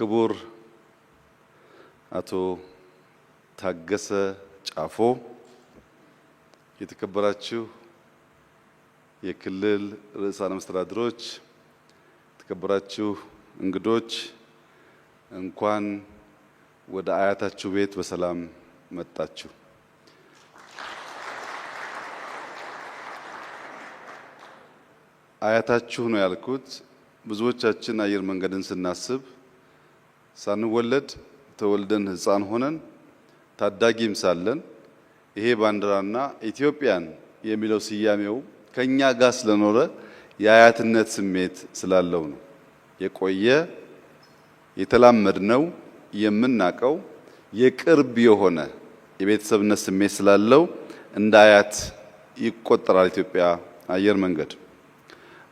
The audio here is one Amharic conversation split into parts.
ክቡር አቶ ታገሰ ጫፎ፣ የተከበራችሁ የክልል ርዕሳነ መስተዳድሮች፣ የተከበራችሁ እንግዶች እንኳን ወደ አያታችሁ ቤት በሰላም መጣችሁ። አያታችሁ ነው ያልኩት። ብዙዎቻችን አየር መንገድን ስናስብ ሳንወለድ ተወልደን ህፃን ሆነን ታዳጊም ሳለን ይሄ ባንዲራና ኢትዮጵያን የሚለው ስያሜው ከኛ ጋር ስለኖረ የአያትነት ስሜት ስላለው ነው። የቆየ የተላመድ ነው የምናቀው የቅርብ የሆነ የቤተሰብነት ስሜት ስላለው እንደ አያት ይቆጠራል። ኢትዮጵያ አየር መንገድ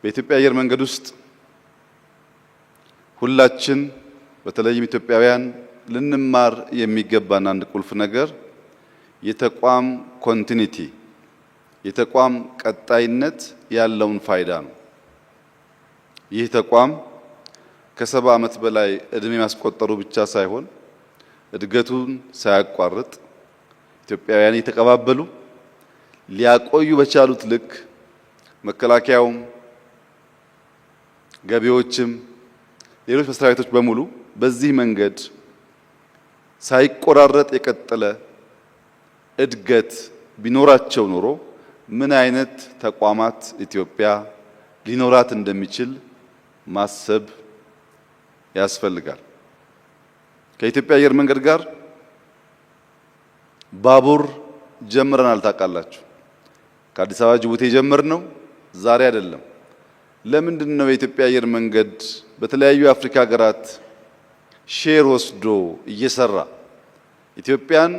በኢትዮጵያ አየር መንገድ ውስጥ ሁላችን በተለይም ኢትዮጵያውያን ልንማር የሚገባን አንድ ቁልፍ ነገር የተቋም ኮንቲኒቲ የተቋም ቀጣይነት ያለውን ፋይዳ ነው። ይህ ተቋም ከሰባ ዓመት በላይ እድሜ ማስቆጠሩ ብቻ ሳይሆን እድገቱን ሳያቋርጥ ኢትዮጵያውያን እየተቀባበሉ ሊያቆዩ በቻሉት ልክ መከላከያውም ገቢዎችም ሌሎች መስሪያ ቤቶች በሙሉ በዚህ መንገድ ሳይቆራረጥ የቀጠለ እድገት ቢኖራቸው ኖሮ ምን አይነት ተቋማት ኢትዮጵያ ሊኖራት እንደሚችል ማሰብ ያስፈልጋል። ከኢትዮጵያ አየር መንገድ ጋር ባቡር ጀምረናል። ታውቃላችሁ፣ ከአዲስ አበባ ጅቡቲ የጀመርነው ዛሬ አይደለም። ለምንድን ነው የኢትዮጵያ አየር መንገድ በተለያዩ የአፍሪካ ሀገራት ሼር ወስዶ እየሰራ ኢትዮጵያን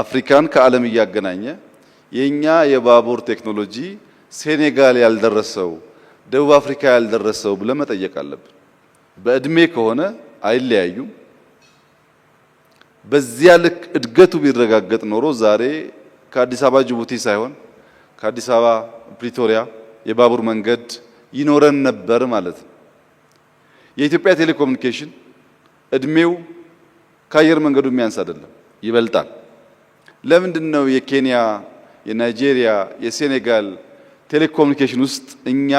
አፍሪካን ከዓለም እያገናኘ የኛ የባቡር ቴክኖሎጂ ሴኔጋል ያልደረሰው ደቡብ አፍሪካ ያልደረሰው ብለን መጠየቅ አለብን። በእድሜ ከሆነ አይለያዩም። በዚያ ልክ እድገቱ ቢረጋገጥ ኖሮ ዛሬ ከአዲስ አበባ ጅቡቲ ሳይሆን ከአዲስ አበባ ፕሪቶሪያ የባቡር መንገድ ይኖረን ነበር ማለት ነው። የኢትዮጵያ ቴሌኮሙኒኬሽን እድሜው ከአየር መንገዱ የሚያንስ አይደለም፣ ይበልጣል። ለምንድን ነው የኬንያ የናይጄሪያ፣ የሴኔጋል ቴሌኮሙኒኬሽን ውስጥ እኛ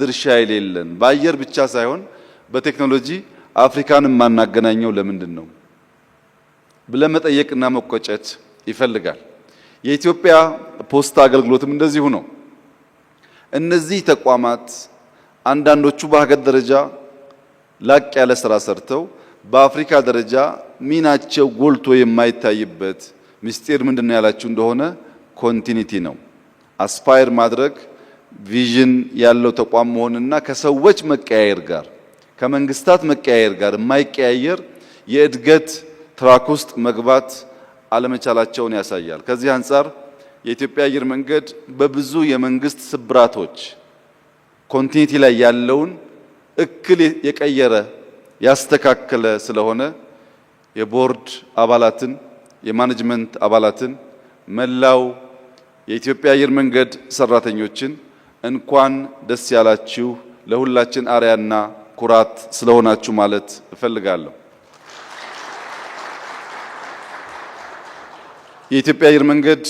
ድርሻ የሌለን? በአየር ብቻ ሳይሆን በቴክኖሎጂ አፍሪካን የማናገናኘው ለምንድን ነው ብለን መጠየቅና መቆጨት ይፈልጋል። የኢትዮጵያ ፖስታ አገልግሎትም እንደዚሁ ነው። እነዚህ ተቋማት አንዳንዶቹ በሀገር ደረጃ ላቅ ያለ ስራ ሰርተው በአፍሪካ ደረጃ ሚናቸው ጎልቶ የማይታይበት ምስጢር ምንድን ነው ያላችሁ እንደሆነ ኮንቲኒቲ ነው። አስፓየር ማድረግ ቪዥን ያለው ተቋም መሆንና ከሰዎች መቀያየር ጋር ከመንግስታት መቀያየር ጋር የማይቀያየር የእድገት ትራክ ውስጥ መግባት አለመቻላቸውን ያሳያል። ከዚህ አንጻር የኢትዮጵያ አየር መንገድ በብዙ የመንግስት ስብራቶች ኮንቲኒቲ ላይ ያለውን እክል የቀየረ ያስተካከለ ስለሆነ የቦርድ አባላትን የማኔጅመንት አባላትን መላው የኢትዮጵያ አየር መንገድ ሰራተኞችን እንኳን ደስ ያላችሁ፣ ለሁላችን አርያና ኩራት ስለሆናችሁ ማለት እፈልጋለሁ። የኢትዮጵያ አየር መንገድ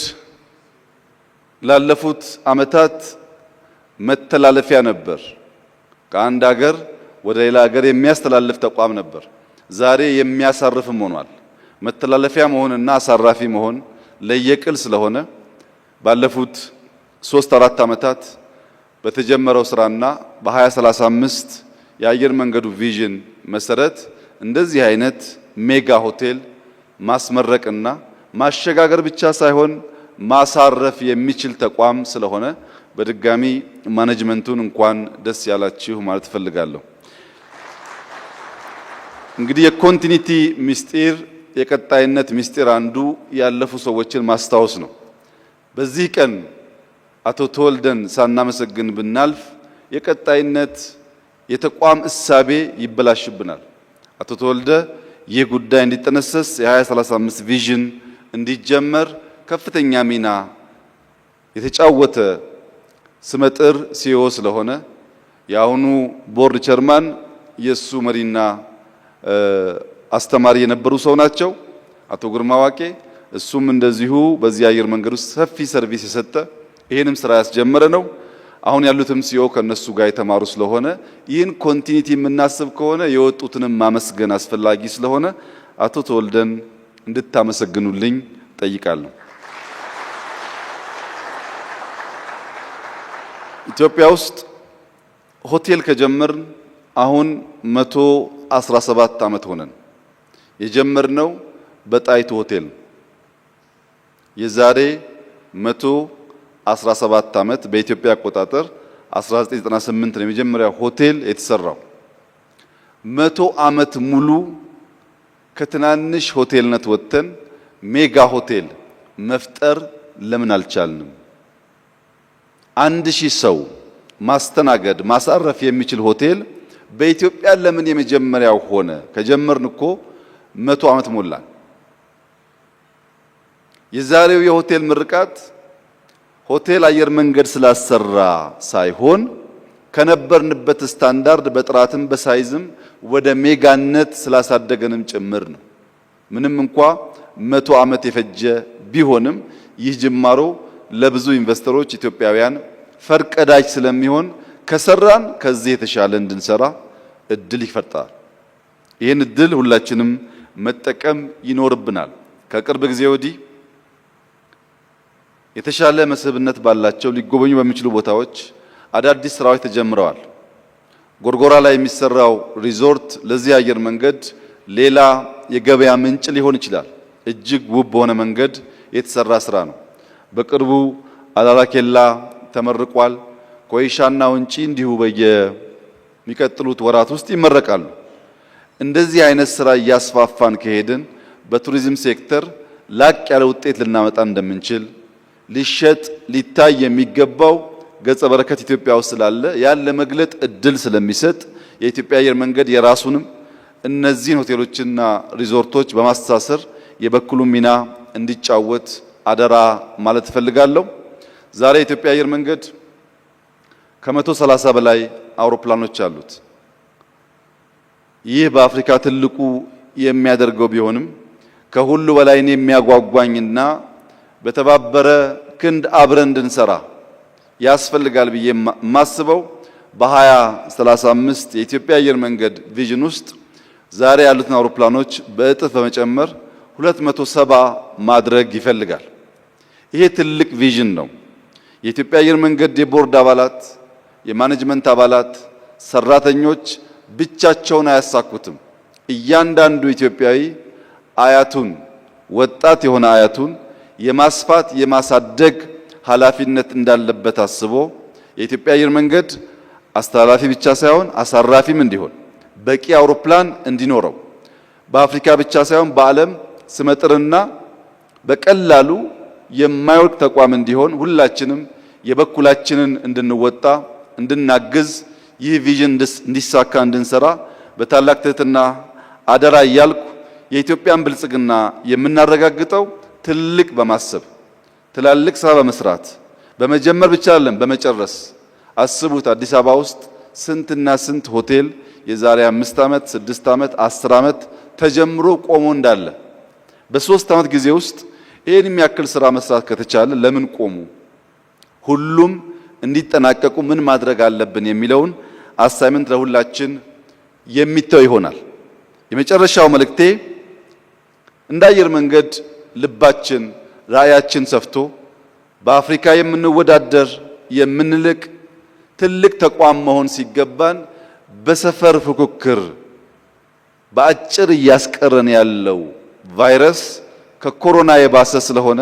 ላለፉት ዓመታት መተላለፊያ ነበር ከአንድ ሀገር ወደ ሌላ ሀገር የሚያስተላልፍ ተቋም ነበር። ዛሬ የሚያሳርፍም ሆኗል። መተላለፊያ መሆንና አሳራፊ መሆን ለየቅል ስለሆነ ባለፉት ሶስት አራት ዓመታት በተጀመረው ስራና በ2035 የአየር መንገዱ ቪዥን መሰረት እንደዚህ አይነት ሜጋ ሆቴል ማስመረቅና ማሸጋገር ብቻ ሳይሆን ማሳረፍ የሚችል ተቋም ስለሆነ በድጋሚ ማኔጅመንቱን እንኳን ደስ ያላችሁ ማለት እፈልጋለሁ። እንግዲህ የኮንቲኒቲ ምስጢር የቀጣይነት ምስጢር አንዱ ያለፉ ሰዎችን ማስታወስ ነው። በዚህ ቀን አቶ ተወልደን ሳናመሰግን ብናልፍ የቀጣይነት የተቋም እሳቤ ይበላሽብናል። አቶ ተወልደ ይህ ጉዳይ እንዲጠነሰስ የ2035 ቪዥን እንዲጀመር ከፍተኛ ሚና የተጫወተ ስመጥር ሲዮ ስለሆነ የአሁኑ ቦርድ ቸርማን የእሱ መሪና አስተማሪ የነበሩ ሰው ናቸው። አቶ ግርማ ዋቄ እሱም እንደዚሁ በዚህ አየር መንገድ ውስጥ ሰፊ ሰርቪስ የሰጠ ይሄንም ስራ ያስጀመረ ነው። አሁን ያሉትም ሲኦ ከነሱ ጋር የተማሩ ስለሆነ ይህን ኮንቲኒቲ የምናስብ ከሆነ የወጡትንም ማመስገን አስፈላጊ ስለሆነ አቶ ተወልደን እንድታመሰግኑልኝ ጠይቃለሁ። ኢትዮጵያ ውስጥ ሆቴል ከጀመርን አሁን መቶ አስራ ሰባት ዓመት ሆነን የጀመርነው በጣይቱ ሆቴል የዛሬ መቶ አስራ ሰባት ዓመት በኢትዮጵያ አቆጣጠር 1998 ነው የመጀመሪያ ሆቴል የተሰራው። መቶ ዓመት ሙሉ ከትናንሽ ሆቴልነት ወጥተን ሜጋ ሆቴል መፍጠር ለምን አልቻልንም? አንድ ሺህ ሰው ማስተናገድ ማሳረፍ የሚችል ሆቴል በኢትዮጵያ ለምን የመጀመሪያው ሆነ? ከጀመርን እኮ መቶ ዓመት ሞላን። የዛሬው የሆቴል ምርቃት ሆቴል አየር መንገድ ስላሰራ ሳይሆን ከነበርንበት ስታንዳርድ በጥራትም በሳይዝም ወደ ሜጋነት ስላሳደገንም ጭምር ነው። ምንም እንኳ መቶ ዓመት የፈጀ ቢሆንም ይህ ጅማሮ ለብዙ ኢንቨስተሮች ኢትዮጵያውያን ፈርቀዳጅ ስለሚሆን ከሰራን ከዚህ የተሻለ እንድንሰራ እድል ይፈጥራል። ይህን እድል ሁላችንም መጠቀም ይኖርብናል። ከቅርብ ጊዜ ወዲህ የተሻለ መስህብነት ባላቸው ሊጎበኙ በሚችሉ ቦታዎች አዳዲስ ስራዎች ተጀምረዋል። ጎርጎራ ላይ የሚሰራው ሪዞርት ለዚህ አየር መንገድ ሌላ የገበያ ምንጭ ሊሆን ይችላል። እጅግ ውብ በሆነ መንገድ የተሰራ ስራ ነው። በቅርቡ አላላኬላ ተመርቋል። ኮይሻና ውንጪ እንዲሁ በየሚቀጥሉት ወራት ውስጥ ይመረቃሉ። እንደዚህ አይነት ስራ እያስፋፋን ከሄድን በቱሪዝም ሴክተር ላቅ ያለ ውጤት ልናመጣ እንደምንችል ሊሸጥ ሊታይ የሚገባው ገጸ በረከት ኢትዮጵያ ውስጥ ስላለ ያን ለመግለጥ እድል ስለሚሰጥ የኢትዮጵያ አየር መንገድ የራሱንም እነዚህን ሆቴሎችና ሪዞርቶች በማስተሳሰር የበኩሉ ሚና እንዲጫወት አደራ ማለት እፈልጋለሁ። ዛሬ የኢትዮጵያ አየር መንገድ ከመቶ ሰላሳ በላይ አውሮፕላኖች አሉት። ይህ በአፍሪካ ትልቁ የሚያደርገው ቢሆንም ከሁሉ በላይ እኔ የሚያጓጓኝና በተባበረ ክንድ አብረን እንድንሰራ ያስፈልጋል ብዬ የማስበው በ2035 የኢትዮጵያ አየር መንገድ ቪዥን ውስጥ ዛሬ ያሉትን አውሮፕላኖች በእጥፍ በመጨመር 270 ማድረግ ይፈልጋል። ይሄ ትልቅ ቪዥን ነው። የኢትዮጵያ አየር መንገድ የቦርድ አባላት የማኔጅመንት አባላት፣ ሰራተኞች ብቻቸውን አያሳኩትም። እያንዳንዱ ኢትዮጵያዊ አያቱን ወጣት የሆነ አያቱን የማስፋት የማሳደግ ኃላፊነት እንዳለበት አስቦ የኢትዮጵያ አየር መንገድ አስተላላፊ ብቻ ሳይሆን አሳራፊም እንዲሆን በቂ አውሮፕላን እንዲኖረው በአፍሪካ ብቻ ሳይሆን በዓለም ስመጥርና በቀላሉ የማይወድቅ ተቋም እንዲሆን ሁላችንም የበኩላችንን እንድንወጣ እንድናግዝ ይህ ቪዥን እንዲሳካ እንድንሰራ በታላቅ ትህትና አደራ እያልኩ የኢትዮጵያን ብልጽግና የምናረጋግጠው ትልቅ በማሰብ ትላልቅ ስራ በመስራት በመጀመር ብቻ አይደለም፣ በመጨረስ አስቡት። አዲስ አበባ ውስጥ ስንትና ስንት ሆቴል የዛሬ አምስት ዓመት ስድስት ዓመት አስር ዓመት ተጀምሮ ቆሞ እንዳለ በሶስት ዓመት ጊዜ ውስጥ ይህን የሚያክል ስራ መስራት ከተቻለ ለምን ቆሙ? ሁሉም እንዲጠናቀቁ ምን ማድረግ አለብን የሚለውን አሳይመንት ለሁላችን የሚተው ይሆናል። የመጨረሻው መልእክቴ እንደ አየር መንገድ ልባችን ራዕያችን ሰፍቶ በአፍሪካ የምንወዳደር የምንልቅ ትልቅ ተቋም መሆን ሲገባን በሰፈር ፉክክር በአጭር እያስቀረን ያለው ቫይረስ ከኮሮና የባሰ ስለሆነ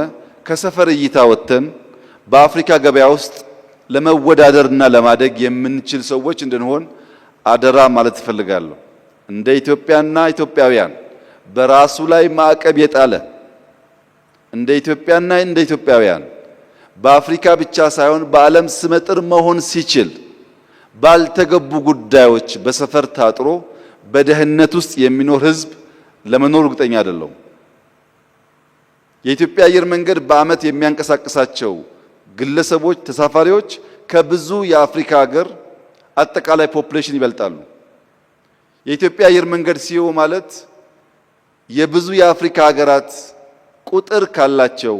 ከሰፈር እይታ ወጥተን በአፍሪካ ገበያ ውስጥ ለመወዳደርና ለማደግ የምንችል ሰዎች እንድንሆን አደራ ማለት እፈልጋለሁ። እንደ ኢትዮጵያና ኢትዮጵያውያን በራሱ ላይ ማዕቀብ የጣለ እንደ ኢትዮጵያና እንደ ኢትዮጵያውያን በአፍሪካ ብቻ ሳይሆን በዓለም ስመጥር መሆን ሲችል ባልተገቡ ጉዳዮች በሰፈር ታጥሮ በደህንነት ውስጥ የሚኖር ህዝብ ለመኖር እርግጠኛ አይደለሁም። የኢትዮጵያ አየር መንገድ በዓመት የሚያንቀሳቅሳቸው ግለሰቦች ተሳፋሪዎች ከብዙ የአፍሪካ ሀገር አጠቃላይ ፖፕሌሽን ይበልጣሉ። የኢትዮጵያ አየር መንገድ ሲዮ ማለት የብዙ የአፍሪካ ሀገራት ቁጥር ካላቸው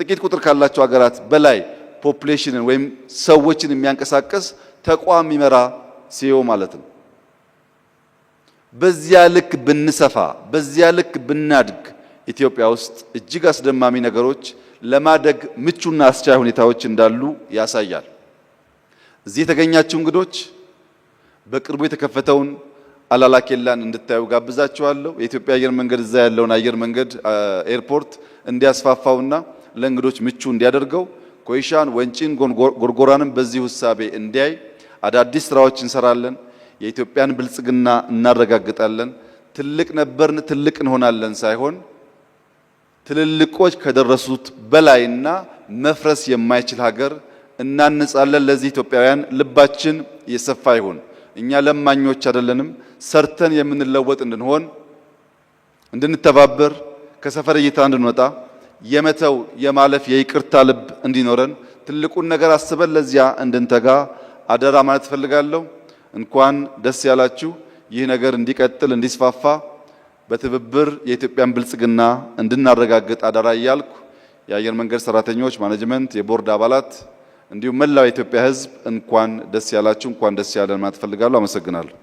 ጥቂት ቁጥር ካላቸው ሀገራት በላይ ፖፕሌሽንን ወይም ሰዎችን የሚያንቀሳቀስ ተቋም ይመራ ሲዮ ማለት ነው። በዚያ ልክ ብንሰፋ፣ በዚያ ልክ ብናድግ ኢትዮጵያ ውስጥ እጅግ አስደማሚ ነገሮች ለማደግ ምቹና አስቻይ ሁኔታዎች እንዳሉ ያሳያል። እዚህ የተገኛችሁ እንግዶች በቅርቡ የተከፈተውን አላላኬላን እንድታዩ ጋብዛችኋለሁ። የኢትዮጵያ አየር መንገድ እዛ ያለውን አየር መንገድ ኤርፖርት እንዲያስፋፋውና ለእንግዶች ምቹ እንዲያደርገው ኮይሻን፣ ወንጪን፣ ጎርጎራንም በዚህ ውሳቤ እንዲያይ አዳዲስ ስራዎች እንሰራለን። የኢትዮጵያን ብልጽግና እናረጋግጣለን። ትልቅ ነበርን ትልቅ እንሆናለን ሳይሆን ትልልቆች ከደረሱት በላይና መፍረስ የማይችል ሀገር እናንጻለን። ለዚህ ኢትዮጵያውያን ልባችን የሰፋ ይሁን። እኛ ለማኞች አይደለንም። ሰርተን የምንለወጥ እንድንሆን፣ እንድንተባበር፣ ከሰፈር እይታ እንድንወጣ፣ የመተው የማለፍ የይቅርታ ልብ እንዲኖረን፣ ትልቁን ነገር አስበን ለዚያ እንድንተጋ አደራ ማለት እፈልጋለሁ። እንኳን ደስ ያላችሁ። ይህ ነገር እንዲቀጥል እንዲስፋፋ በትብብር የኢትዮጵያን ብልጽግና እንድናረጋግጥ አደራ እያልኩ የአየር መንገድ ሰራተኞች፣ ማኔጅመንት፣ የቦርድ አባላት እንዲሁም መላው የኢትዮጵያ ሕዝብ እንኳን ደስ ያላችሁ፣ እንኳን ደስ ያለን ማለት እፈልጋለሁ። አመሰግናለሁ።